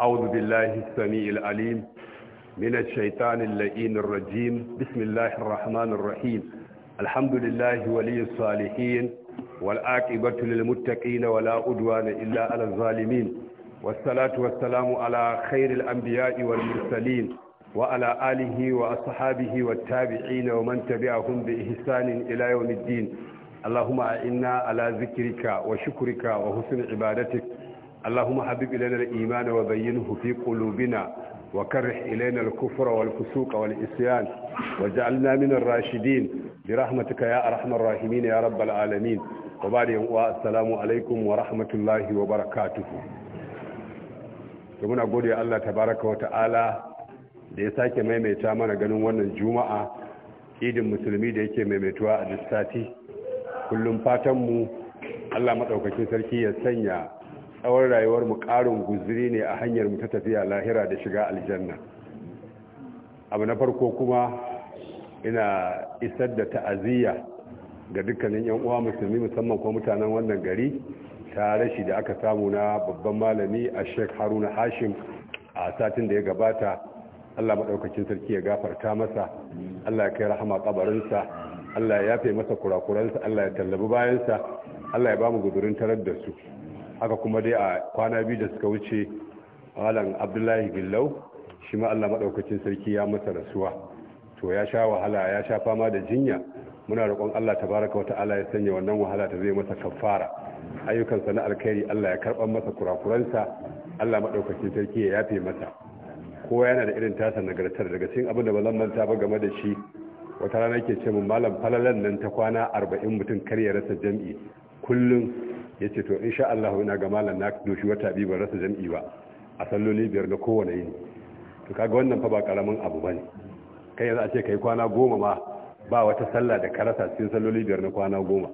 أعوذ بالله السميع العليم من الشيطان اللئين الرجيم بسم الله الرحمن الرحيم الحمد لله ولي الصالحين والعاقبة للمتقين ولا أدوان إلا على الظالمين والصلاة والسلام على خير الأنبياء والمرسلين وعلى آله وأصحابه والتابعين ومن تبعهم بإحسان إلى يوم الدين اللهم إنا على ذكرك وشكرك وحسن عبادتك اللهم حبب إلينا الإيمان وبينه في قلوبنا وكره إلينا الكفر والفسوق والإسيان وجعلنا من الراشدين برحمتك يا أرحم الراحمين يا رب العالمين وبعد والسلام عليكم ورحمة الله وبركاته muna gode Allah tabaraka wa ta'ala da ya sake maimaita mana ganin wannan juma'a idin musulmi da yake maimaituwa a duk sati kullum fatanmu Allah madaukakin sarki ya sanya tsawon rayuwar mu ƙarin guzuri ne a hanyar mu ta tafiya lahira da shiga aljanna abu na farko kuma ina isar da ta'aziyya ga dukkanin yan uwa musulmi musamman kuma mutanen wannan gari ta rashi da aka samu na babban malami a sheikh haruna hashim a satin da ya gabata allah maɗaukacin sarki ya gafarta masa allah ya kai rahama kabarinsa allah ya yafe masa kurakuransa allah ya tallabi bayansa allah ya ba mu gudurin tarar da su haka kuma dai a kwana biyu da suka wuce malam abdullahi gillau shi ma allah maɗaukacin sarki ya masa rasuwa to ya sha wahala ya sha fama da jinya muna roƙon allah baraka wata ala ya sanya wannan wahala ta zai masa kafara ayyukansa na alkhairi allah ya karɓar masa kurakuransa allah maɗaukacin sarki ya yafe masa kowa yana da irin tasa nagartar daga cikin abin da ba zan manta ba game da shi wata rana ke ce mun malam falalan nan ta kwana arba'in mutum kar ya rasa jam'i kullum ya ce to insha Allah ina ga malam na doshi wata biyu ba rasa jam'i ba a salloli biyar na kowane yini to kaga wannan fa ba karamin abu bane kai yanzu a ce kai kwana goma ma ba wata sallah da karasa cikin salloli biyar na kwana goma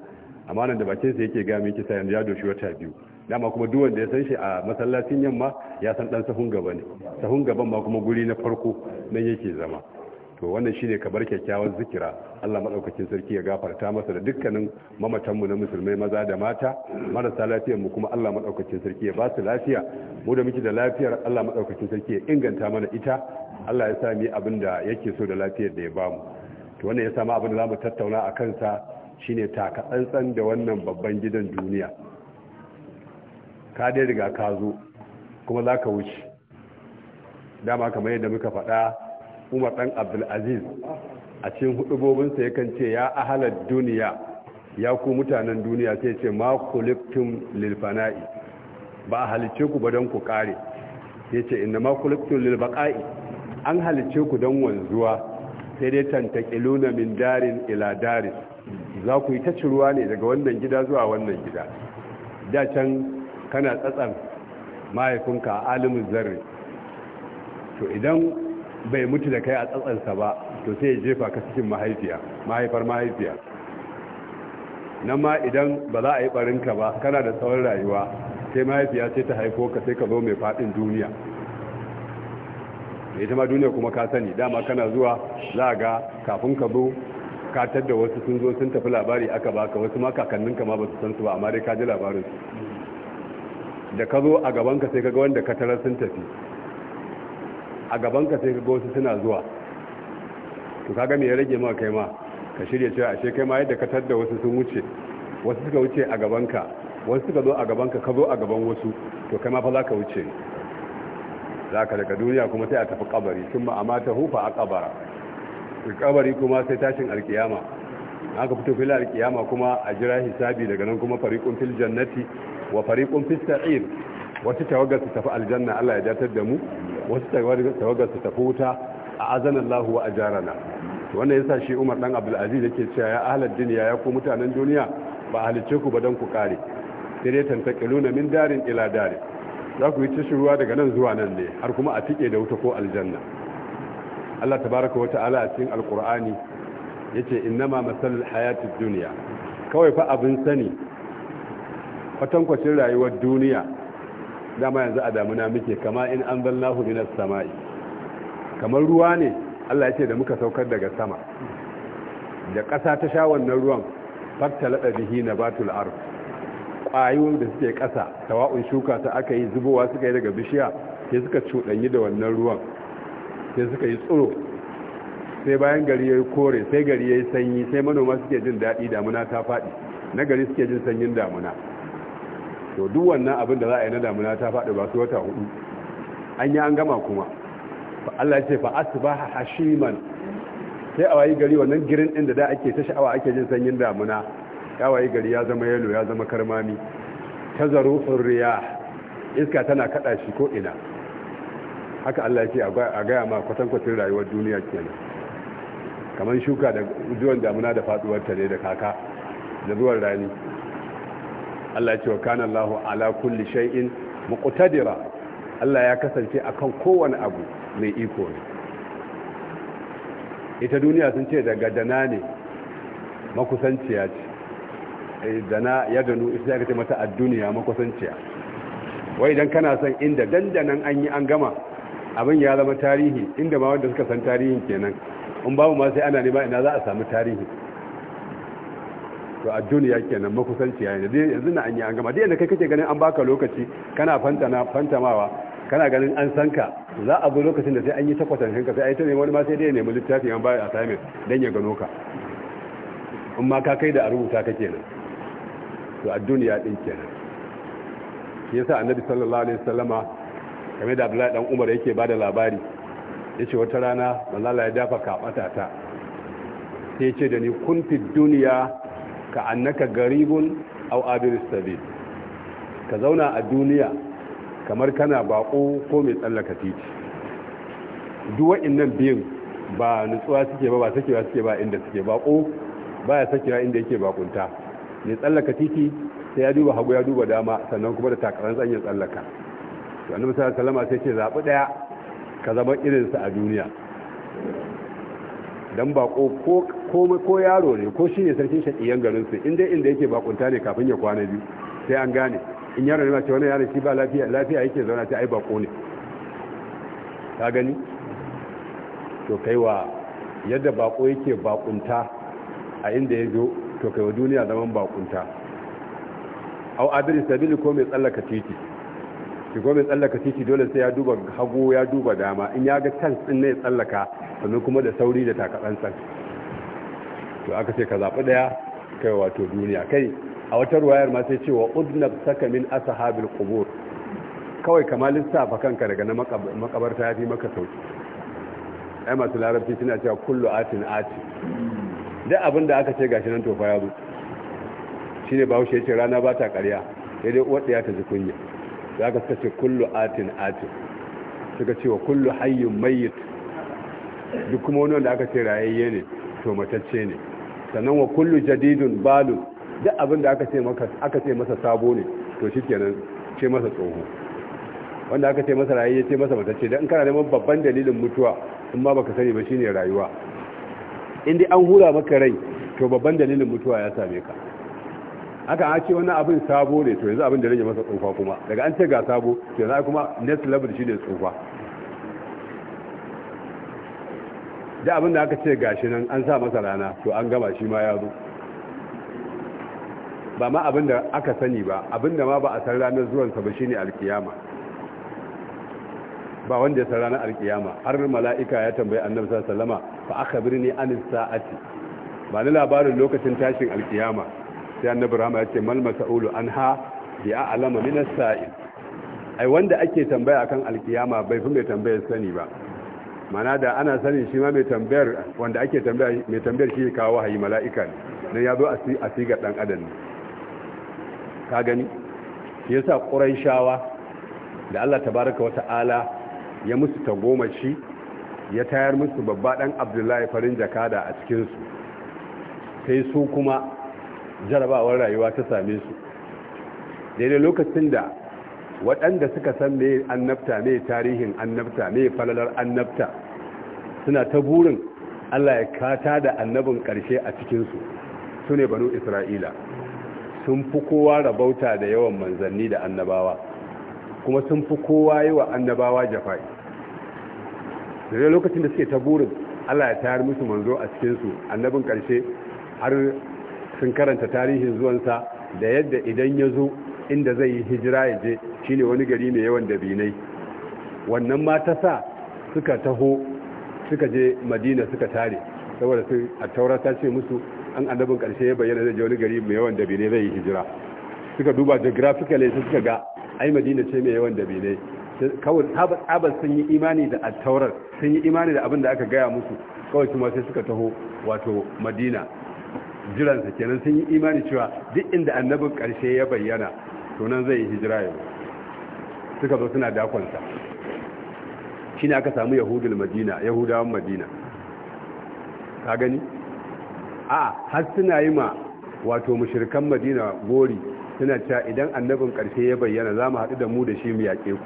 amma nan da bakin sa yake ga mai kisa yanzu ya doshi wata biyu dama kuma duk wanda ya san shi a masallacin yamma ya san dan sahun gaba ne sahun gaban ma kuma guri na farko nan yake zama to wannan shine kabar kyakkyawan zikira Allah madaukakin sarki ya gafarta masa da dukkanin mamatanmu na musulmai maza da mata marasa lafiyar mu kuma Allah madaukakin sarki ya ba su lafiya mu da muke da lafiyar Allah madaukakin sarki ya inganta mana ita Allah ya sa mu abin da yake so da lafiyar da ya bamu to wannan ya samu abin da zamu tattauna a kansa shine taka tsantsan da wannan babban gidan duniya ka dai riga ka zo kuma za ka wuce dama kamar yadda muka faɗa umar ɗan abdulaziz a cikin ya kan ce ya ahalar duniya ya ku mutanen duniya sai ce ma lilfana'i ba a halicce ku ba don ku kare ya ce inda ma kuliptum lilbaka'i an halicce ku don wanzuwa sai dai luna min darin ila darin za ku yi ta ciruwa ne daga wannan gida zuwa wannan gida da can kana tsatsan mahaifinka a alimin zarri to idan bai mutu da kai a tsatsansa ba to sai ya jefa ka cikin mahaifiya mahaifar mahaifiya nan ma idan ba za a yi barinka ba kana da tsawon rayuwa sai mahaifiya sai ta haifo ka sai ka zo mai faɗin duniya ita ma duniya kuma ka sani dama kana zuwa za a ga kafin ka zo katar da wasu sun zo sun tafi labari aka baka wasu ma kakanninka ma ba su san su ba amma dai ka ji labarin da ka zo a gabanka sai ka ga wanda ka sun tafi a gaban ka sai ga wasu suna zuwa to kaga me ya rage ma kai ma ka shirya cewa ashe kai ma yadda ka tadda wasu sun wuce wasu suka wuce a gaban ka wasu suka zo a gaban ka ka zo a gaban wasu to kai ma fa za ka wuce za ka daga duniya kuma sai a tafi kabari sun ma mata hufa a kabara kabari kuma sai tashin alkiyama aka fito fil alkiyama kuma a jira hisabi daga nan kuma fariƙun fil jannati wa fariƙun fil sa'ir wata tawagar su tafi aljanna Allah ya datar da mu wata tawagar su tafi wuta a azanar lahu wa ajarana wannan yasa shi Umar dan Abdulaziz da yake cewa ya ahlad dunya ya ku mutanen duniya ba halicce ku ba don ku kare sai dai tantakiluna min darin ila darin za ku yi ruwa daga nan zuwa nan ne har kuma a fike da wuta ko aljanna Allah tabaraka wata'ala a cikin alqur'ani yace innama masalul hayatid dunya kawai fa abin sani kwatankwacin rayuwar duniya dama yanzu a damuna muke kama in an zallahu minas sama'i kamar ruwa ne Allah ya ce da muka saukar daga sama da ƙasa ta sha wannan ruwan fakta laɗa bihi na batul arf ƙwayoyin da suke ƙasa tawa'un shuka ta aka yi zubowa suka yi daga bishiya sai suka cuɗanyi da wannan ruwan sai suka yi tsoro sai bayan gari ya yi kore sai gari ya yi sanyi sai manoma suke jin daɗi damuna ta faɗi na gari suke jin sanyin damuna to duk wannan abin da za a yi na damuna ta faɗi ba su wata hudu an yi an gama kuma Allah ce fa asbaha hashiman sai a wayi gari wannan girin din da ake ta sha'awa ake jin sanyin damuna ya wayi gari ya zama yalo ya zama karmami tazaru furriya iska tana kada shi ko ina haka Allah ya ce a gaya ma kwatankwacin rayuwar duniya kenan kamar shuka da zuwan damuna da faduwar ta ne da kaka da zuwan rani Allah ya ce wa kana Allahu ala kulli shay'in muqtadira Allah ya kasance akan kowane abu mai iko ne ita duniya sun ce daga dana ne makusanciya ce eh, dana ya danu ita kace mata a makusanciya wai idan kana son inda dandanan an yi an gama abin ya zama tarihi inda ma wanda suka san tarihin kenan in babu ma sai ana nema ina za a samu tarihi to a duniya kenan makusanci yayin da yanzu na an yi an gama da kai kake ganin an baka lokaci kana fantana fantamawa kana ganin an san ka za a bi lokacin da sai an yi takwatan hanka sai a yi ta wani ma sai dai ya nemi littafi an bayar assignment don ya gano ka in ma ka kai da a rubuta ka kenan to a duniya din kenan shi yasa annabi sallallahu alaihi wasallama game da abdullahi dan umar yake bada labari yace wata rana manzo Allah ya dafa ta sai ya ce da ni kun fi duniya ka annaka garibun aw abir sabil ka zauna a duniya kamar kana bako ko mai tsallaka titi duk wa'annan biyun ba nutsuwa suke ba ba sakewa suke ba inda suke bako baya sakewa inda yake bakunta mai tsallaka titi sai ya duba hagu ya duba dama sannan kuma da takarar tsanyin tsallaka to annabi sallallahu alaihi wasallam sai ce zaɓi daya ka zama irinsa a duniya dan bako ko ko yaro ne ko shine sarkin iyan garin su inda inda yake bakunta ne kafin ya kwana biyu sai an gane in yaro ne ma ce wannan yaro shi ba lafiya lafiya yake zauna ta ai bako ne ka gani to kaiwa yadda bako yake bakunta a inda ya zo to kaiwa duniya zaman bakunta au adri sabili ko mai tsallaka titi shi gomin tsallaka titi dole sai ya duba hagu ya duba dama in ya ga can tsin ne tsallaka sannan kuma da sauri da takatsantsan to aka ce ka zaɓi ɗaya kai wato duniya kai a wata ruwayar ma sai cewa udnab saka min ashabil qubur kawai kamar lissafa kanka daga na makabarta ya fi maka sauki ai masu larabci suna cewa kullu atin ati duk abin da aka ce gashi nan tofa ya zo shine shi ya ce rana ba ta karya sai dai uwar ta ji kunya za ka sace kullu atin atin suka ce wa kullu hayyun mayit duk kuma wani wanda aka ce rayayye ne to matacce ne sannan wa kullu jadidun balu duk abin da aka ce maka aka ce masa sabo ne to shikenan ce masa tsoho wanda aka ce masa rayayye ce masa matacce dan kana neman babban dalilin mutuwa in ma baka sani ba shine rayuwa in dai an hura maka rai to babban dalilin mutuwa ya same ka haka a ce wannan abin sabo ne to yanzu abin da rage masa tsufa kuma daga an ce ga sabo to yanzu kuma next level shi ne tsufa da abin da aka ce gashi nan an sa masa rana to an gama shi ma ya zo ba ma abin da aka sani ba abin da ma ba a san ranar zuwansa ba shine alkiyama ba wanda ya san ranar alkiyama har mala'ika ya tambayi annabi sallama fa akhbirni anis sa'ati ba ni labarin lokacin tashin alkiyama sai annabi ce, yace mal mas'ulu anha bi a'lama min as-sa'il ai wanda ake tambaya akan alkiyama bai fi mai tambayar sani ba mana da ana sanin shi ma mai tambayar wanda ake tambaya mai tambayar shi kawo wahayi mala'ika ne dan ya zo a ga dan adam ne ka gani shi yasa shawa, da Allah Ta baraka wa ta'ala ya musu tagomashi ya tayar musu babba dan Abdullahi farin jakada a cikin su sai su kuma jarabawar rayuwa ta same su daidai lokacin da waɗanda suka san me annabta me tarihin annabta me falalar annabta suna ta burin Allah ya kata da annabin ƙarshe a cikinsu su ne banu isra'ila sun fi kowa rabauta da yawan manzanni da annabawa kuma sun fi kowa yi wa annabawa jafai daidai lokacin da suke ta burin Allah ya tayar musu manzo a cikinsu annabin ƙarshe har sun karanta tarihin zuwansa da yadda idan ya zo inda zai yi hijira ya je ne wani gari mai yawan dabinai wannan ma ta sa suka taho suka je madina suka tare saboda su a taurata ce musu an annabin karshe ya bayyana zai je wani gari mai yawan dabinai zai yi hijira suka duba geographically sai suka ga ai madina ce mai yawan dabinai kawai tsabar sun yi imani da attaurar sun yi imani da abin da aka gaya musu kawai kuma sai suka taho wato madina jiransa kenan sun yi imani cewa duk inda annabin ƙarshe ya bayyana to nan zai yi hijira yau suka zo suna dakonsa shi ne aka samu yahudul madina yahudawan madina ka gani a har suna yi ma wato mushirikan madina gori suna cewa idan annabin ƙarshe ya bayyana za mu haɗu da mu da shi mu yaƙe ku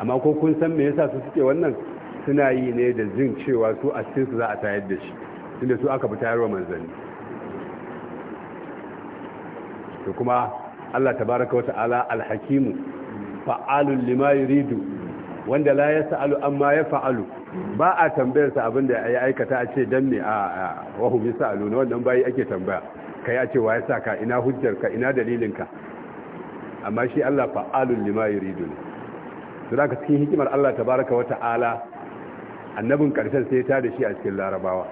amma ko kun san me yasa su suke wannan suna yi ne da jin cewa su a cikinsu za a tayar da shi inda su aka tayar wa manzanni to kuma Allah tabaraka wata ala alhakimu fa'alun lima yuridu wanda la ya yas'alu amma fa'alu ba a tambayar sa abinda ya aikata a ce don ne a wahum sa'alu na wannan bayi ake tambaya yi a ce wa ya sa ka ina hujjarka ina dalilinka amma shi Allah fa'alun lima yuridu ne su da ka cikin hikimar Allah tabaraka wata ala annabin karshen sai ta da shi a cikin larabawa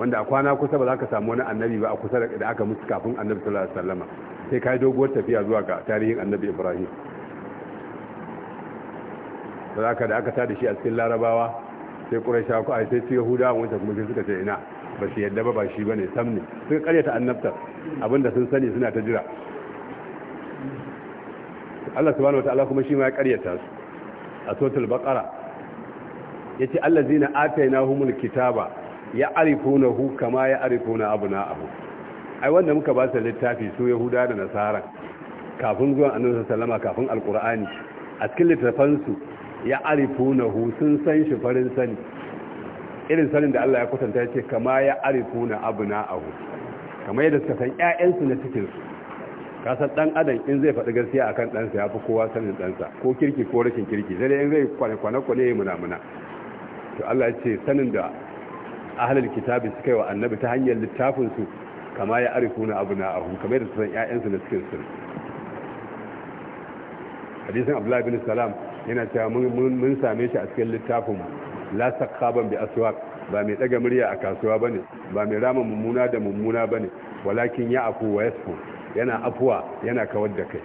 wanda a kwana kusa ba za ka samu wani annabi ba a kusa da aka mutu kafin annabi sallallahu alaihi wasallama sai kai doguwar tafiya zuwa ga tarihin annabi ibrahim ka da aka tada shi a cikin larabawa sai quraisha ko ai sai su yahudawa wanda kuma sai suka ce ina ba shi yadda ba ba shi bane sam ne suka karyata annabta abinda sun sani suna ta jira Allah subhanahu ta'ala kuma shi ma ya karyata su a suratul baqara yace allazina atainahumul kitaba ya hu kama ya arifuna abu ai wanda muka ba su littafi su yahuda da nasara kafin zuwan annabi sallama kafin alqur'ani a cikin littafan su ya hu sun san shi farin sani irin sanin da Allah ya kwatanta yake kama ya arifuna abu kamar yadda suka san su na cikin su san dan adam in zai faɗi gaskiya akan ɗansa ya fi kowa sanin ɗansa ko kirki ko rashin kirki dare in zai kwana kwana kwane ya muna-muna to Allah ya ce sanin da ahlul kitabi suka yi wa annabi ta hanyar littafin su kama ya abu abuna ahum kamar da san ƴaƴansu na cikin su hadisin abdullahi bin salam yana cewa mun same shi a cikin littafin mu la sakaban bi aswaq ba mai daga murya a kasuwa bane ba mai rama mummuna da mummuna bane walakin ya afu wa yasfu yana afuwa yana kawar da kai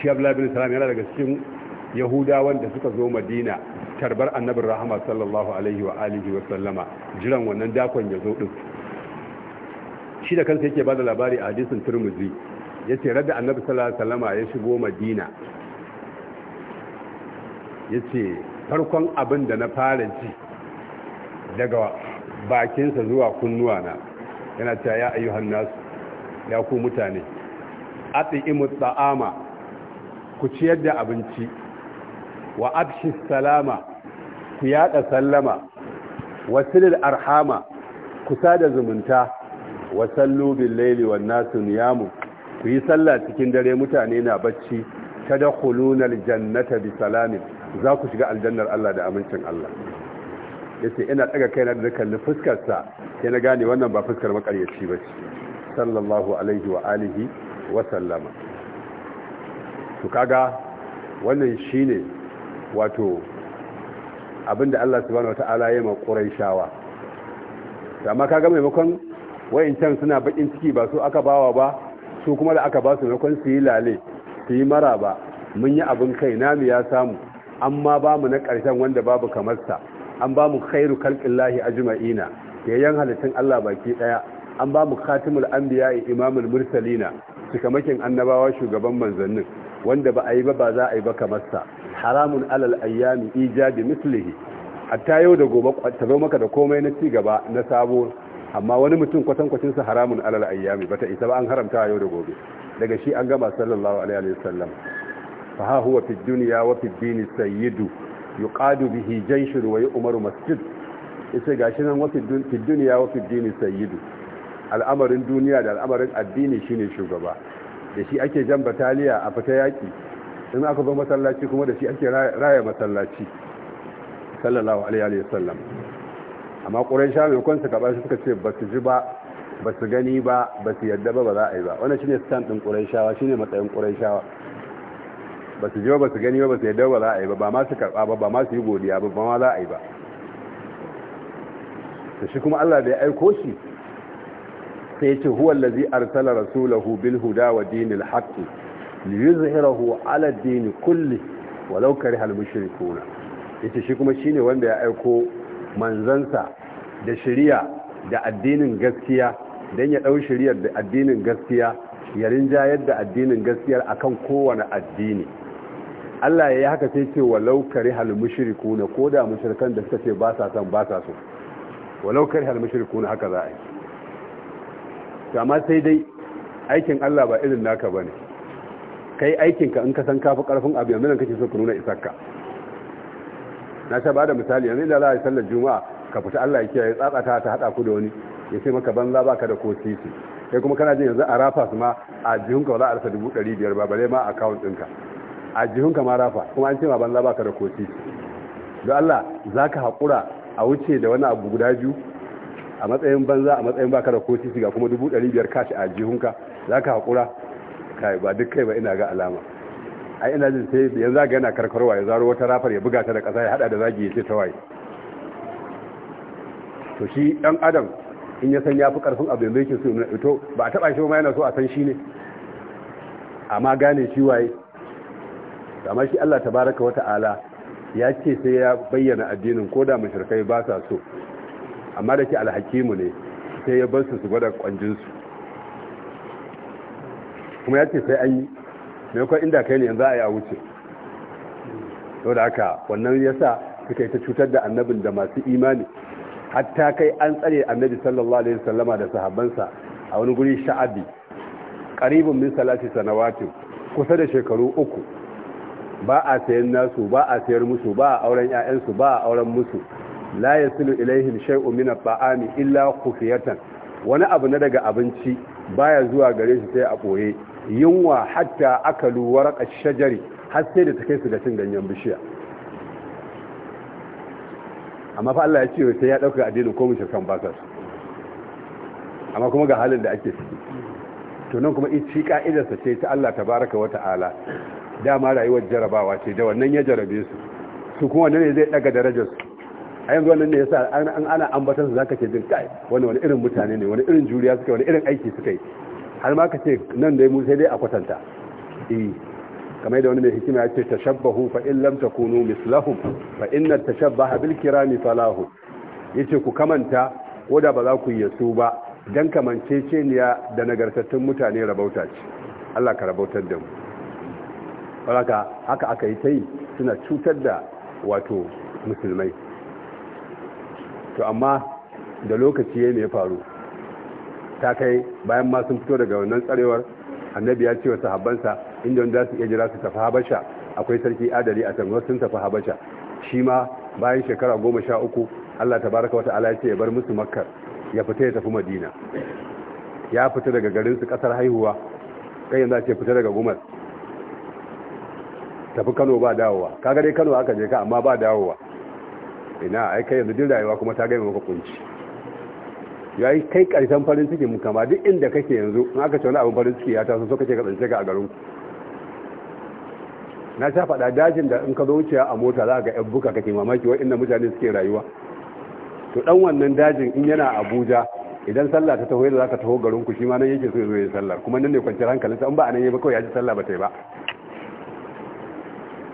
shi abdullahi bin salam yana daga cikin yahudawan da suka zo madina karbar annabin rahama sallallahu alaihi wa alihi wa sallama jiran wannan dakon ya zo din shi da kansa yake bada labari a hadisin turmuzi yace radda annabi sallallahu alaihi wa sallama ya shigo madina yace farkon abin da na fara ji daga bakinsa zuwa kunnuwana yana cewa ya ayyuhan nasu ya ku mutane Atsi imu tsa'ama ku ciyar da abinci wa abshi salama ku yaɗa sallama wasilil arhama kusa da zumunta wasallu bil laili wan nasu niyamu ku yi sallah cikin dare mutane na bacci kulunar jannata bi salamin za ku shiga aljannar Allah da amincin Allah yace ina daga kaina da kalli fuskar sa sai na gane wannan ba fuskar makaryaci bace sallallahu alaihi wa alihi wa sallama to kaga wannan shine wato abinda Allah subhanahu wata'ala ya ma Da amma kaga maimakon wayancan suna bakin ciki ba su aka bawa ba su kuma da aka ba su maimakon su yi lale su yi maraba mun yi abin kai namu ya samu amma ba mu na ƙarshen wanda babu kamar sa an ba mu khairu khalqillahi ajma'ina yayan halittun Allah baki daya an ba mu khatimul anbiya imamul mursalina cikamakin annabawa shugaban manzannin wanda ba a yi ba ba za a yi ba kamarsa. haramun alal ayyami ijabi mislihi hatta yau da gobe ta zo maka da komai na ci gaba na sabo amma wani mutum kwatankwacin sa haramun alal ayyami bata isa ba an haramta yau da gobe daga shi an gama sallallahu alaihi sallam fa ha huwa fi dunya wa fi dini sayyidu yuqadu bihi jayshun wa yu'maru masjid isa gashi nan wa fi dunya wa fi dini sayyidu al'amarin duniya da al'amarin addini shine shugaba da shi ake jan bataliya a fita yaƙi in aka zo masallaci kuma da shi ake raya masallaci sallallahu alaihi sallam. amma sha mai kwansa gaba shi suka ce su ji ba su gani ba su yadda ba ba za a yi ba shi shine stand din shi shine matsayin ba su ji ba su gani ba su yadda ba za a yi ba ba ma su karɓa ba ba ma su yi godiya ba ba ma za a yi ba da shi kuma Allah da ya aiko shi sai ce huwa allazi arsala rasulahu bil huda wa dinil haqq yuzhirahu ala dini kulli walau kariha al yace shi kuma shine wanda ya aiko manzansa da shari'a da addinin gaskiya dan ya dau shari'ar da addinin gaskiya ya rinjayar da addinin gaskiya akan kowane addini Allah ya yi haka sai ce walau karihal mushrikuna ko da mushrikan da suka ce ba sa son ba sa so walau karihal mushrikuna haka za a yi To amma sai dai aikin Allah ba irin naka bane kai aikin ka in ka san kafi karfin abu yanzu nan kake so ka nuna isakka na ba bada misali yanzu da za a yi sallar juma'a ka fita Allah ya kiyaye tsatsata ta hada ku da wani ya ce maka banza baka da ko titi kai kuma kana jin yanzu a rafa su ma a jihunka wala alfa dubu ɗari biyar ba bare ma a kawun ɗinka a ka ma rafa kuma an ce ma banza baka da ko titi don Allah za ka haƙura a wuce da wani abu guda biyu a matsayin banza a matsayin baka da koci shiga kuma dubu ɗari biyar kashi a jihunka za ka haƙura kai ba duk kai ba ina ga alama a ina jin sai yanzu zaga yana karkarwa ya zaro wata rafar ya buga ta da ƙasa ya haɗa da zagi ya ce ta waye to shi ɗan adam in ya san ya fi ƙarfin abu yanzu yake so ya ito ba a taɓa shi ma yana so a san shi ne amma gane shi waye amma shi Allah tabaraka wata'ala ya ce sai ya bayyana addinin ko da mashirkai ba sa so amma da ke alhakimu ne sai ya bar su su gwada kwanjinsu kuma ya ce sai an yi maimakon inda kai ne yanzu a ya wuce sau da haka wannan ya sa suka yi ta cutar da annabin da masu imani hatta kai an tsare annabi sallallahu alaihi wasallama da sahabbansa a wani guri sha'abi karibin min salati sanawatin kusa da shekaru uku ba a sayan nasu ba a sayar musu ba a auren 'ya'yansu ba a auren musu la yasilu ilaihim shay'un min at-ta'ami illa khufiyatan wani abu na daga abinci baya zuwa gare shi sai a boye yunwa hatta akalu warqa shajari har sai da take su da cin ganyen bishiya amma fa Allah ya ce sai ya dauka addinin ko shirkan ba su amma kuma ga halin da ake ciki to nan kuma ici ka'idarsa ce ta Allah tabaraka wa ta'ala dama rayuwar jarabawa ce da wannan ya jarabe su su kuma wannan ne zai daga darajar su a yanzu wannan ne ya sa an ana ambatan su zaka ce din kai wani wani irin mutane ne wani irin juriya suka wani irin aiki suka yi har ma ka ce nan dai mu sai dai a kwatanta eh kamar yadda wani mai hikima ya ce tashabbahu fa in lam takunu mislahum fa inna tashabbaha bil kirami falahu yace ku kamanta ko da ba za ku yi su ba dan ya da nagartattun mutane rabauta ce Allah ka rabautar da mu haka haka aka yi tai suna cutar da wato musulmai to amma da lokaci ya mai faru ta kai bayan ma sun fito daga wannan tsarewar annabi ya ce wa sahabbansa inda wanda su iya jira su tafi habasha akwai sarki adali a can sun tafi habasha shi ma bayan shekara goma sha uku allah ta baraka wata ala ce ya bar musu makar. ya fita ya tafi madina ya fita daga garin su kasar haihuwa kai yanzu ce fita daga gumar tafi kano ba dawowa kaga dai kano aka je ka amma ba dawowa ina ai kai yanzu duk rayuwa kuma ta gaya maka kunci yayi kai karshen farin ciki mu kama duk inda kake yanzu in aka ce wani abin farin ciki ya taso so kake ka tsince ka a garin ku na sha fada dajin da in ka zo wuce a mota za ka ga yan buka kake mamaki inda mutane suke rayuwa to dan wannan dajin in yana Abuja idan sallah ta taho yadda za ka taho garin ku shi ma nan yake so ya zo ya sallah kuma nan ne kwanciyar hankalinsa in ba a nan yi ba kawai ya ji sallah ba ta yi ba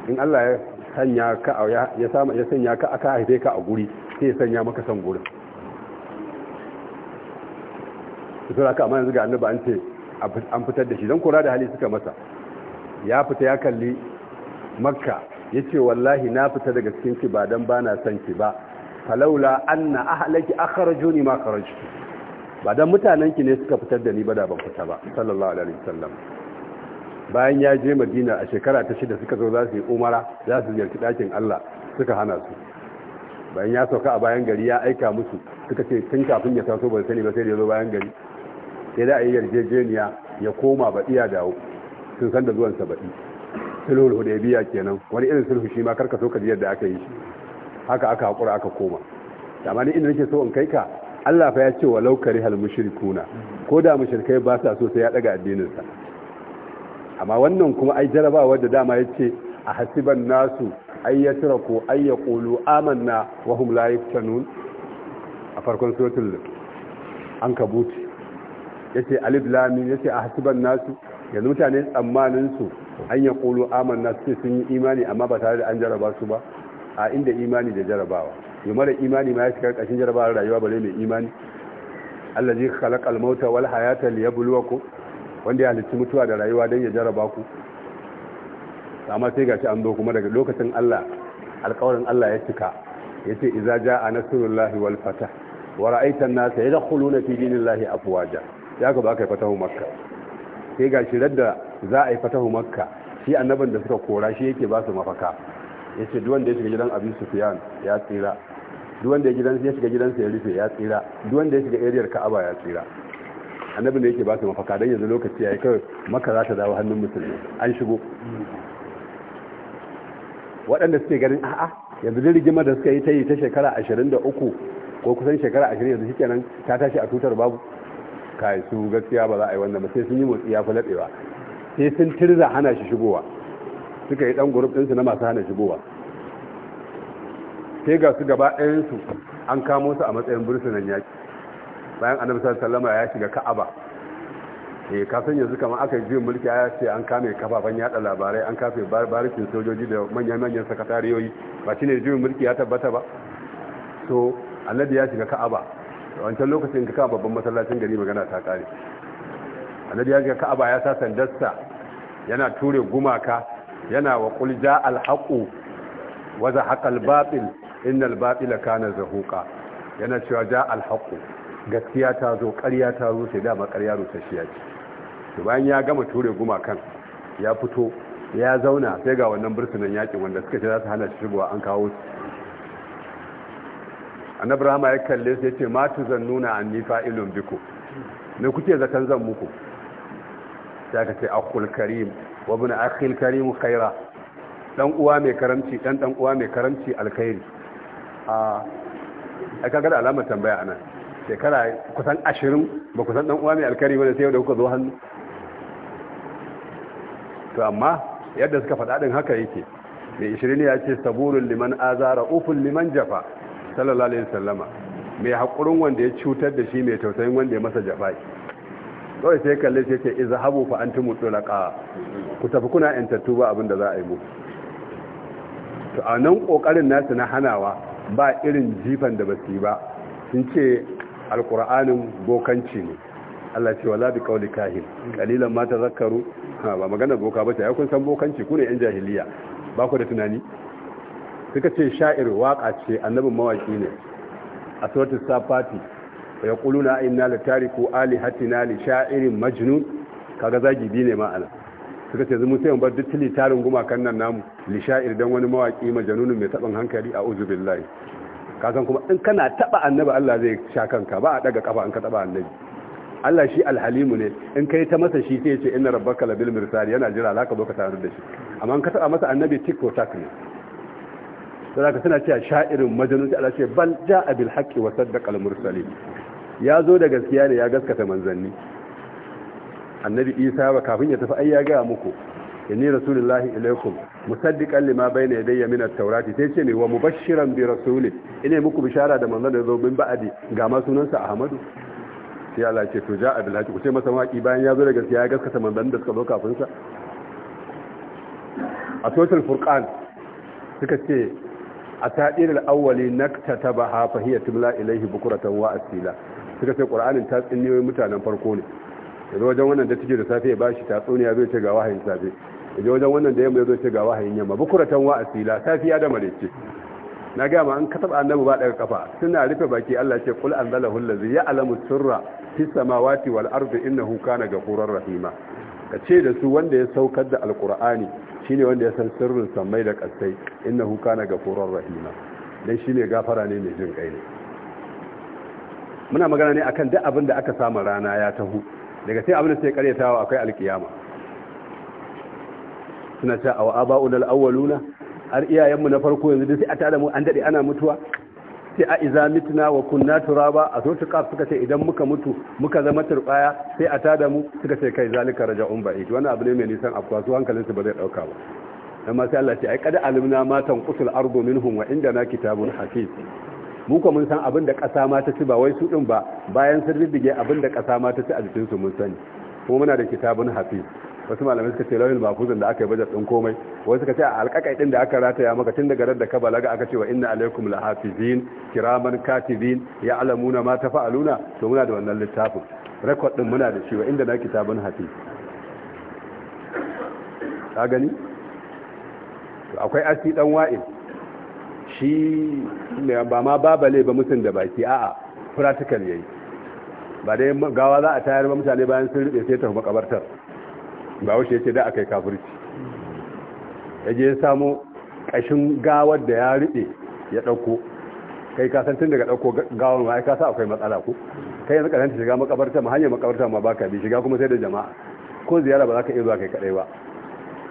in Allah ya sanya ka ya sanya ka aka haife ka a guri sai ya sanya maka san gurin sura ka amma yanzu ga annabi an ce an fitar da shi don kura da hali suka masa ya fita ya kalli makka ce wallahi na fita daga cikin ki ba ba bana san ki ba falaula anna ahlaki joni ma kharajtu ba don mutanen ki ne suka fitar da ni ba da ban fita ba sallallahu alaihi wasallam bayan ya je madina a shekara ta shida suka zo za su yi umara za su ziyarci ɗakin allah suka hana su bayan ya sauka a bayan gari ya aika musu suka ce tun kafin ya taso ba sani ba sai da ya zo bayan gari sai da a yi yarjejeniya ya koma baɗi ya dawo sun san da zuwansa baɗi sulhul hudaybiya kenan wani irin sulhu shi ma karka so ka ji yadda aka yi shi haka aka hakura aka koma amma ni inda nake so in kai ka Allah fa ya ce walau karihal mushrikuna ko da mushrikai ba sa so sai ya daga addinin sa amma wannan kuma ai jarabawa da dama yace a hasiban nasu ay ko ay amanna wa hum la yaftanun a farkon suratul kabuti yace alif lam mim yace a hasiban nasu yanzu mutane tsammanin su an yaqulu amanna sai sun yi imani amma ba tare da an jaraba su ba a inda imani da jarabawa yi mara imani ma ya shiga karkashin jarabawar rayuwa bare mai imani allazi khalaqal mauta wal hayata liyabluwakum wanda ya halitta mutuwa da rayuwa don ya jaraba ku amma sai gashi an zo kuma daga lokacin Allah alƙawarin Allah ya cika ya ce iza ja a nasrullahi wal fata wa nasa ya nasa na fi dinillahi afwaja ya ka ba kai fatahu makka sai gashi radda za a yi fatahu makka shi annaban da suka kora shi yake ba su mafaka duk wanda ya shiga gidan ya tsira duk wanda ya shiga gidansa ya rufe ya tsira duk wanda ya shiga Ka'aba ya tsira annabi ne yake ba su mafaka don yanzu lokaci ya yi kawai maka za ta dawo hannun musulmi an shigo waɗanda suke ganin a'a yanzu da rigimar da suka yi ta yi ta shekara ashirin da uku ko kusan shekara ashirin yanzu shikenan ta tashi a tutar babu kai su gaskiya ba za a yi wannan ba sai sun yi motsi ya fi ba sai sun tirza hana shi shigowa suka yi ɗan gurup ɗinsu na masu hana shigowa sai ga su gaba ɗayansu an kamo su a matsayin bursunan yaki bayan annabi sallallahu alaihi ya shiga ka'aba eh ka san yanzu kamar aka ji mulki ya ce an kame kafafen yada labarai an kafe barikin sojoji da manyan manyan sakatariyoyi ba shine juyin mulki ya tabbata ba to annabi ya shiga ka'aba wancan lokacin ka kama babban masallacin gari magana ta kare annabi ya shiga ka'aba ya sa sandarsa yana ture gumaka yana wa qul ja'al haqu wa zahaqal batil innal batila kana zahuqa yana cewa ja haqu gaskiya ta zo ƙarya ta rushe dama ƙarya shi ce to bayan ya gama ture kan. ya fito ya zauna sai ga wannan bursunan yakin wanda suka ce za su hana shi shigowa an kawo su annabi rahama ya kalle sai ce ma tu an nifa fa'ilun biku ne kuke zakan zan muku Ta ka ce akul karim wa ibn akhil karim khaira dan uwa mai karamci dan dan uwa mai karamci alkhairi a ah, kaga da alamar tambaya anan shekara kusan ashirin ba kusan ɗan uwa mai alkari wanda sai da kuka zo hannu to amma yadda suka faɗa ɗin haka yake mai ishirin ya ce saburin liman azara ufun liman jafa sallallahu alaihi wasallama mai haƙurin wanda ya cutar da shi mai tausayin wanda ya masa jafa'i kawai sai kalle sai ce habu fa an tumu tulaqa ku tafi kuna yantattu ba abin da za a yi muku to a nan ƙoƙarin nasu na hanawa ba irin jifan da su yi ba sun ce alkur'anin bokanci ne Allah ce wala bi kauli kahin kalilan ma tazakkaru ha ba magana boka bace ya kun san bokanci ku ne yan jahiliya ba ku da tunani suka ce sha'ir waka ce annabin mawaki ne a suratul safati ya quluna inna la tariku alihatina li sha'irin majnun kaga zagi bi ne ma'ana suka ce zumu sai bar duk gumakan nan namu li sha'ir dan wani mawaki majnunun mai tabin hankali a billahi kasan kuma in kana taba annabi Allah zai sha kanka ba a daga kafa in ka taba annabi Allah shi alhalimu ne in kai ta masa shi sai ya ce inna rabbaka labil mirsal yana jira laka zo ka tarar da shi amma in ka taba masa annabi tik for tak ne sai zaka suna cewa sha'irin majnun Allah ce bal ja'a bil haqqi wa saddaqa al mursalin ya zo da gaskiya ne ya gaskata manzanni annabi Isa ba kafin ya tafi ai ya ga muku inni rasulullahi ilaikum musaddiqan lima bayna yadayya min at-taurati sai ce ne wa mubashiran bi rasulin ina muku bishara da manzon da zo min ba'adi ga ma sunansa ahmadu sai Allah ce to ja'a bil haqi ku ce masa waki bayan ya zo daga gaskiya ya gaskata manzon da suka zo kafin sa a total furqan suka ce a tadir al-awwali naktatabaha fa hiya tumla ilayhi bukratan wa asila suka ce qur'anin ta tsinniyoyin mutanen farko ne yanzu wajen wannan da take da safe ya bashi tatsuniya zai ce ga wahayin safe je wajen wannan da yamma ya zo ce ga wahayin yamma bukuratan wa asila safiya da marece na gama an ka taba annabi ba daga kafa suna rufe baki Allah ce kul anzalahu allazi ya'lamu sirra fis samawati wal ardi innahu kana ghafurur rahima kace da su wanda ya saukar da alqur'ani shine wanda ya san sirrin samai da kasai innahu kana ghafurur rahima dan shine gafara ne mai jin kai ne muna magana ne akan duk abin da aka samu rana ya tahu daga sai abin da sai karyatawa akwai alkiyama suna ta awa aba'un al'awwaluna har iyayenmu na farko yanzu sai a tada mu an daɗe ana mutuwa sai a iza mituna wa kunna turaba a zo tuka suka ce idan muka mutu muka zama turbaya sai a tada mu suka ce kai zalika raja ba ba'id wani abu ne mai nisan afkuwa su hankalin su ba zai ɗauka ba amma sai Allah ce ai kada alimna matan argo min minhum wa na kitabun hafiz mu ko mun san abin da ƙasa ma ta ci ba wai su din ba bayan sun riddige abin da ƙasa ma ta ci a jikinsu mun sani kuma muna da kitabun hafiz wasu malamai suka ce lauyin bakuzin da aka yi bajar ɗin komai wasu suka ce a alƙaƙai ɗin da aka rataya maka tun daga ran da ka balaga aka ce wa inna alaikum lahafizin kiraman katibin ya alamuna ma ta fa'aluna to muna da wannan littafin rekod ɗin muna da shi wa inda na kitabun hafi Ta gani akwai asi ɗan wa'in shi ba ma babale ba mutum da baki a'a practical yayi ba dai gawa za a tayar ba mutane bayan sun rube sai ta makabartar ba wuce ya ce da aka yi kafirci ya je ya samo ƙashin gawar da ya riɓe ya ɗauko kai tun daga ɗauko gawar ma ya kasa akwai matsala ku kai yanzu ƙaranta shiga makabarta ma hanyar makabarta ma baka bi shiga kuma sai da jama'a ko ziyara ba za ka iya zuwa kai kaɗai ba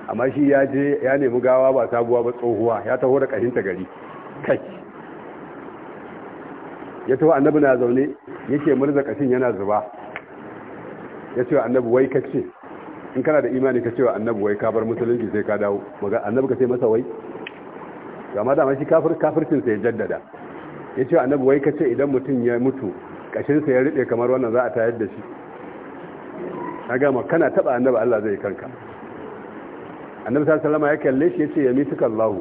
amma shi ya je ya nemi gawa ba sabuwa ba tsohuwa ya taho da ta gari kai ya taho annabi na zaune yake murza ƙashin yana zuba ya ce annabi wai kace in kana da imani ka cewa annabi wai ka bar musulunci sai ka dawo maga annabi ka sai masa wai amma dama shi kafir kafircin sai ya jaddada ya ce annabi wai ka ce idan mutum ya mutu kashin sa ya rike kamar wannan za a tayar da shi kaga ma kana taba annabi Allah zai kanka annabi sallallahu alaihi ya kalle shi yace yamituka Allah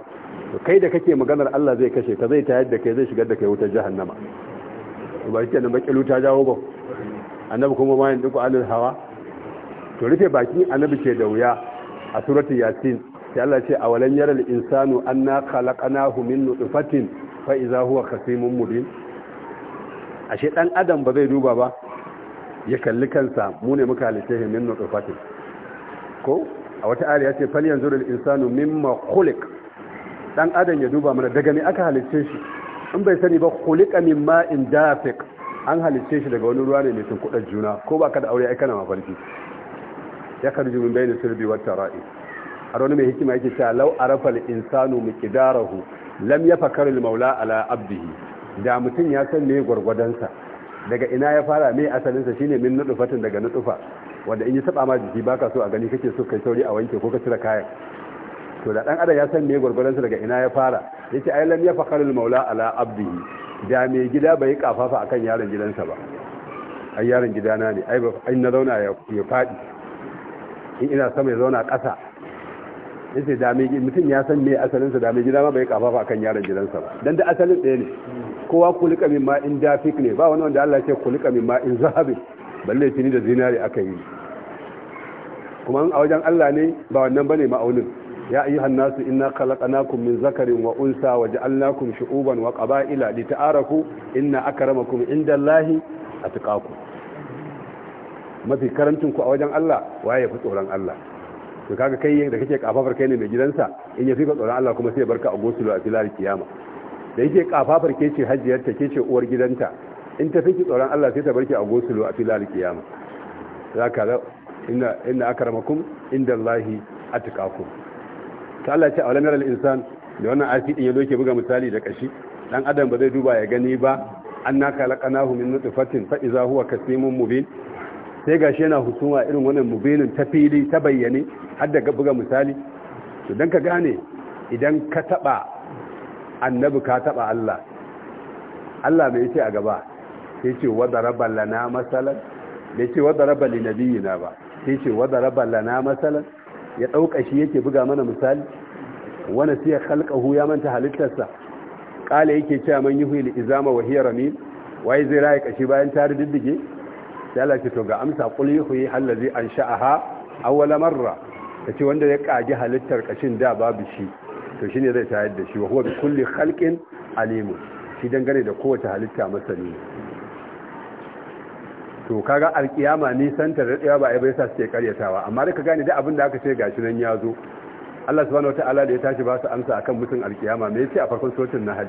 to kai da kake maganar Allah zai kashe ka zai tayar da kai zai shigar da kai wutar jahannama to ba shi kenan baki luta jawo ba annabi kuma ma yin duk alil hawa to rufe bakin annabi ke da wuya a surati yasin sai Allah ce a walan yaral insanu anna khalaqnahu min nutfatin fa idza huwa khasimun mubin ashe dan adam ba zai duba ba ya kalli kansa mu ne muka halice shi min nutfatin ko a wata ayar ce fal al insanu mimma khuliq dan adam ya duba mana daga me aka halice shi in bai sani ba khuliqa min ma'in dafiq an halice shi daga wani ruwa ne mai tunkuɗar juna ko ba ka da aure ai kana mafarki ya karju min bayna sirbi wata ra'i a wani mai hikima yake cewa law arafa al insanu miqdarahu lam yafakkar al maula ala abdihi da mutun ya san me gurgurdansa daga ina ya fara me asalin sa shine min nudufatin daga nudufa wanda in yi saba ma jiki baka so a gani kake so kai sauri a wanke ko ka cire kayan to da dan adam ya san me gurgurdansa daga ina ya fara yace ai lam yafakkar al maula ala abdihi da mai gida bai kafafa akan yaron gidansa ba ai yaron gidana ne ai na zauna ya fadi in ina sama ya zauna ƙasa ya ce mutum ya san me asalinsa sa mai gida ma bai kafafa kan yaron gidansa ba don da asalin ɗaya ne kowa kulika min in dafik ne ba wani wanda Allah ce kulika min in zahabin balle tuni da zinari aka yi kuma a wajen Allah ne ba wannan bane ma'aunin ya ayyuhan nasu inna khalaqnakum min zakarin wa unsa wa ja'alnakum shu'uban wa qaba'ila lita'arafu inna akramakum indallahi atqakum mafi karancin ku a wajen Allah waye ya fi tsoron Allah to kaga kai da kake kafafar kai ne mai gidansa in ya fi tsoron Allah kuma sai ya barka a gosulo a filar kiyama da yake kafafar ke ce hajjiyar ta ke ce uwar gidanta in ta fi tsoron Allah sai ta barki a gosulo a filar kiyama zaka inna inna akramakum indallahi atqakum ta Allah ce a walanar insan da wannan din ya doke buga misali da kashi dan adam ba zai duba ya gani ba an naka min nutfatin fa idza huwa kasimun mubin sai gashi yana husuma irin wannan mubinin ta fili ta bayyane har da buga misali to dan ka gane idan ka taba annabi ka taba Allah Allah bai ce a gaba sai ce wadaraba lana masalan bai ce wadaraba li nabiyina ba sai ce wadaraba lana masalan ya dauka shi yake buga mana misali wani siya khalqahu ya manta halittarsa kala yake cewa man yuhil izama wa hiya ramim wai zai raye kashi bayan tari diddige? sai Allah to ga amsa qul yuhyi allazi ansha'aha awwala marra yace wanda ya kaji halittar kashin da babu shi to shine zai tayar da shi wa huwa bi kulli khalqin alim shi dangane da kowace halitta masani to kaga alkiyama ne santa da tsaya ba ai bai sa suke karyatawa amma da ka gane da abin da aka ce gashi nan ya zo Allah subhanahu wataala da ya tashi ba su amsa akan mutum alkiyama me yace a farkon suratul nahl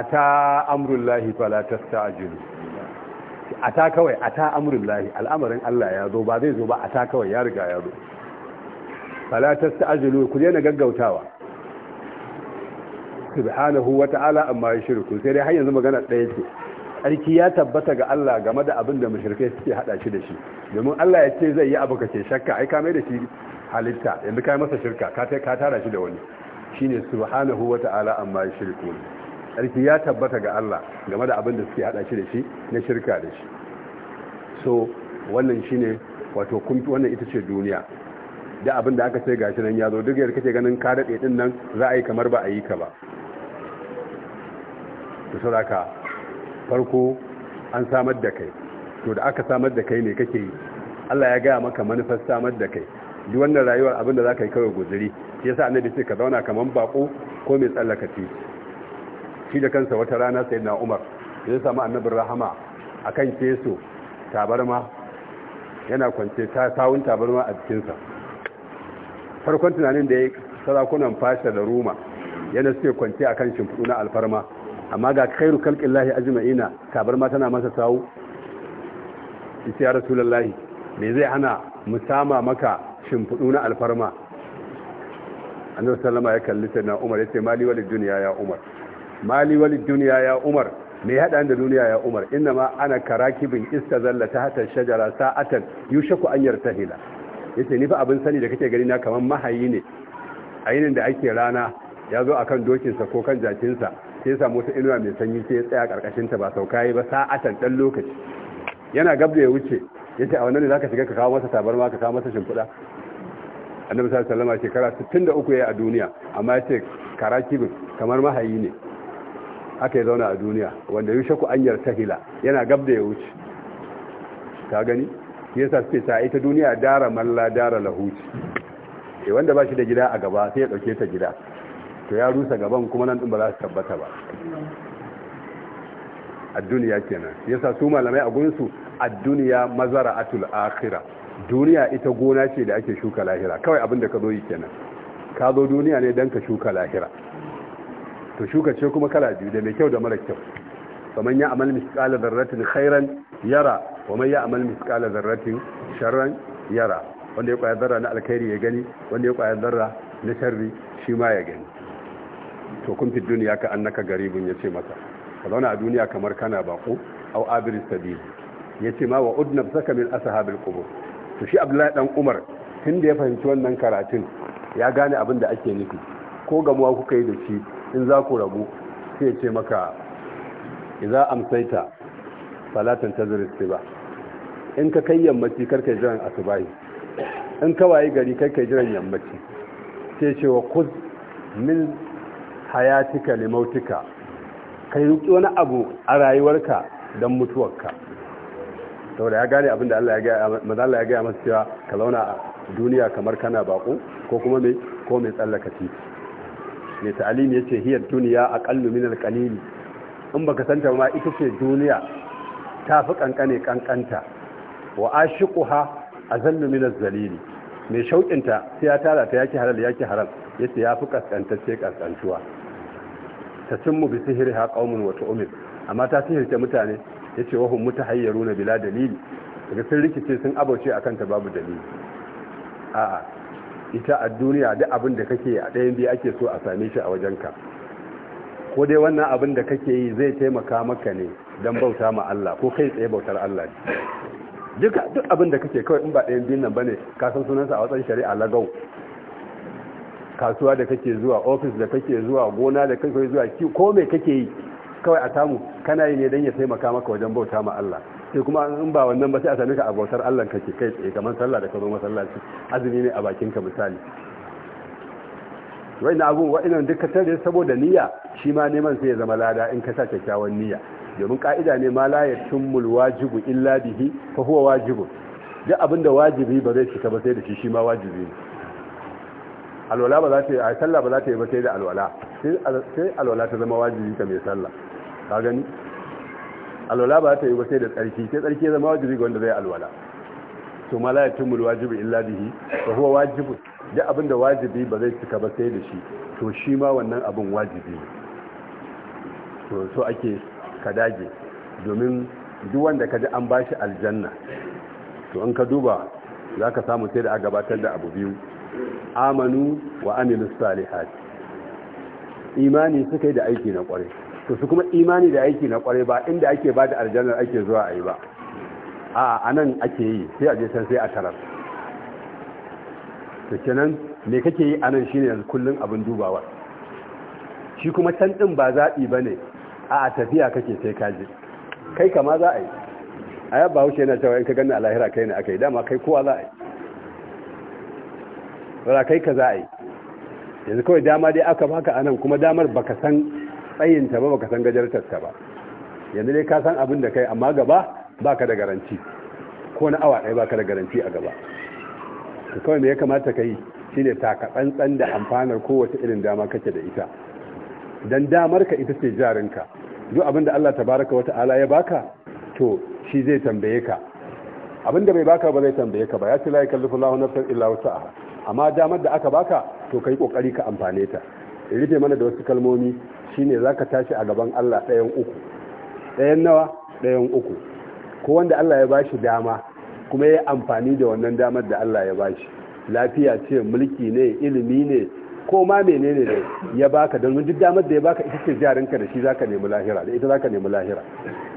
ata amrullahi fala tasta'jilu a ta kawai a ta amurin lahi al'amarin Allah ya zo ba zai zo ba a ta kawai ya riga ya zo falatar ta ku na gaggautawa subhanahu wa ta'ala amma ya shirku sai dai hanyar yanzu magana ɗaya ce tsarki ya tabbata ga Allah game da abin da mashirkai suke hada shi da shi domin Allah ya ce zai yi abu kace shakka ai ka da shi halitta yanzu ka yi masa shirka ka ka tara shi da wani shine subhanahu wa ta'ala amma ya shirku ƙarfi ya tabbata ga Allah game da abin da suke hada shi da shi na shirka da shi so wannan shine wato kun wannan ita ce duniya da abin da aka ce gashi nan ya zo duk yadda kake ganin ka daɗe ɗin nan za a yi kamar ba a yi ka ba to saboda farko an samar da kai to da aka samar da kai ne kake yi Allah ya gaya maka manufar samar da kai duk wannan rayuwar abin da za ka yi kawai guzuri shi yasa annabi ce ka zauna kamar bako ko mai tsallaka titi shi da kansa wata rana sai na umar ya samu annabin rahama a kan keso tabarma yana kwance ta sawun tabarma a jikinsa farkon tunanin da ya sarakunan fasha da roma yana suke kwance a kan shimfiɗu na alfarma amma ga kairu kalƙin lahi ajima'ina tabarma tana masa sawu isi ya rasulallahi me zai hana musama maka shimfiɗu na alfarma annabi sallama ya kalli sai na umar ya ce mali wani duniya ya umar mali wali duniya ya umar me hada da duniya ya umar inna ma ana karakibin istazalla ta hatar shajara sa'atan yushaku an yartahila yace ni fa abin sani da kake gani na kaman mahayi ne ainin da ake rana ya zo akan sa ko kan jakinsa sai ya samu wata inuwa mai sanyi sai ya tsaya karkashin ta ba sauka yi ba sa'atan dan lokaci yana gab ya wuce yace a wannan ne zaka shiga ka kawo masa tabarma ka kawo masa shimfiɗa annabi sallallahu alaihi wasallam shekara 63 yayi a duniya amma yace karakibin kamar mahayi ne aka yi zauna a duniya wanda yi shaku anyar tahila yana gab da ya wuce ta gani yasa suke ta ita duniya dara malla dara lahuci e eh, wanda ba shi da gida a gaba sai ya dauke ta gida to ya rusa gaban kuma nan din ba za su tabbata ba a duniya kenan yasa su malamai a gurinsu a duniya mazara atul akhira duniya ita gona ce da ake shuka lahira kawai abin da ka zo yi kenan ka zo duniya ne don ka shuka lahira to shuka ce kuma kala biyu da mai kyau da mara kyau kamar ya amal misqala dharratin khairan yara wa man ya amal misqala dharratin sharran yara wanda ya kwaya zarra na alkhairi ya gani wanda ya kwaya zarra na sharri shi ma ya gani to kun fi duniya ka annaka garibin yace ce ka zauna a duniya kamar kana bako au abir sabil ya ma wa udna saka min ashabil qubur to shi abdullahi dan umar tun da ya fahimci wannan karatun ya gane abin da ake nufi ko gamuwa kuka yi da shi in za ku rabu sai ce maka idza amsaita salatan tazri ba in ka kai yammaci karka jiran asubahi in ka waye gari karka jiran yammaci sai ce wa kuz min hayatika limautika yi ruki wani abu a rayuwarka don mutuwarka saboda ya gane abin da ya gaya Allah ya gaya masu cewa ka zauna a duniya kamar kana bako ko kuma mai mai tsallaka titi mai ta'alimi ya ce hiyar duniya a ƙallu minar ƙalili in baka santa ma ita ce duniya ta fi ƙanƙane ƙanƙanta wa a a zallu minar zalili mai shauƙinta sai ya tara ta yaki halal yaki haram ya ce ya fi ƙasƙantacce ƙasƙantuwa ta cin mu bi sihiri ha ƙaumin wata umin amma ta sihirce mutane ya ce wahun mutu hayyaru na bila dalili daga sun rikice sun abauce a kanta babu dalili a'a ita a duniya duk abin da kake a ɗayan biyu ake so a same shi a ka ko dai wannan abin da kake yi zai taimaka maka ne don bauta ma Allah ko kai tsaye bautar Allah ne duk abin da kake kawai in ba ɗayan biyun nan bane ka san sunansa a watsan shari'a lagau kasuwa da kake zuwa ofis da kake zuwa gona da kake zuwa ko me kake yi kawai a tamu kana yi ne don ya taimaka maka wajen bauta ma Allah sai kuma in ba wannan ba sai a same ka a bautar Allah kake kai tsaye kamar sallah da kazo masallaci azumi ne a bakin ka misali wai na abun wa'annan duka tare saboda niyya shi ma neman sai ya zama lada in ka sa kyakkyawan niyya domin ka'ida ne ma la yatummul wajibu illa bihi fa huwa wajibu duk abinda wajibi ba zai cika ba sai da shi shi ma wajibi ne alwala ba za ta yi a sallah ba za ta yi ba sai da alwala sai alwala ta zama wajibi ka mai sallah ka gani alwala ba ta yi ba sai da tsarki sai tsarki ya zama wajibi ga wanda zai alwala to ma la yatimul wajibu illa bihi fa huwa wajibu da abin da wajibi ba zai cika ba sai da shi to shi ma wannan abin wajibi ne to so ake ka dage domin duk wanda ka ji an bashi aljanna to in ka duba za ka samu sai da a gabatar da abu biyu amanu wa amilus salihat imani suka yi da aiki na ƙwarai. to su kuma imani da aiki na kwarai ba inda ake ba da aljannar ake zuwa a yi ba a anan ake yi sai a je san sai a tarar to kenan me kake yi anan shine yanzu kullun abin dubawa shi kuma can din ba zaɓi ba ne a tafiya kake sai ka je kai kama za a yi a yabba haushe yana cewa in ka gani a lahira kai ne aka yi dama kai kowa za a yi ba kai ka za a yi yanzu kawai dama dai aka baka anan kuma damar baka san tsayinta ba baka san gajartarta ba yanzu dai ka san abin da kai amma gaba ba ka da garanti ko na awa ɗaya ka da garanti a gaba to kawai me ya kamata ka yi shine taka tsantsan da amfanar kowace irin dama kake da ita don damar ka ita ce jarinka duk abin da Allah tabaraka ala ya baka to shi zai tambaye ka abin da bai baka ba zai tambaye ka ba ya ce la yakallifu Allahu nafsan illa wus'aha amma damar da aka baka to kai kokari ka amfane ta ya rufe mana da wasu kalmomi shine zaka tashi a gaban Allah ɗayan uku ɗayan nawa ɗayan uku ko wanda Allah ya bashi dama kuma ya amfani da wannan damar da Allah ya bashi lafiya ce mulki ne ilimi ne ko ma menene ne ya baka don duk damar da ya baka ita ce jarinka da shi zaka nemi lahira da ita zaka nemi lahira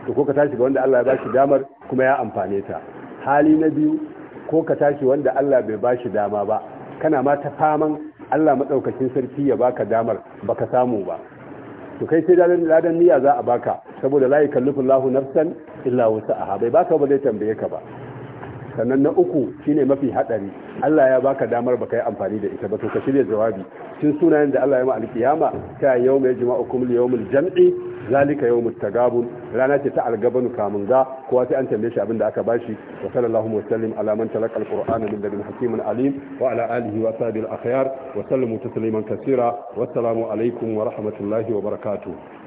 to ko ka tashi ga wanda Allah ya bashi damar kuma ya amfane ta hali na biyu ko ka tashi wanda Allah bai bashi dama ba kana ma ta faman Allah madaukakin sarki ya baka damar baka samu ba to kai sai ladan niyya za a baka saboda la yukallifu Allahu nafsan illa wusaha bai baka ba zai tambaye ka ba sannan na uku shine mafi hadari Allah ya baka damar baka yi amfani da ita ba to ka shirya jawabi cikin sunayen da Allah ya ma alkiyama ta yawma yajma'ukum li yawmil jam'i zalika yawmut tagabun rana ce ta algabanu kamun ga kowa sai an tambaye shi abinda aka bashi wa sallallahu wa sallim ala man talaqa alqur'ana min ladun hakimin alim wa ala alihi wa sahbihi al-akhyar wa tasliman katsira wassalamu alaikum wa rahmatullahi wa barakatuh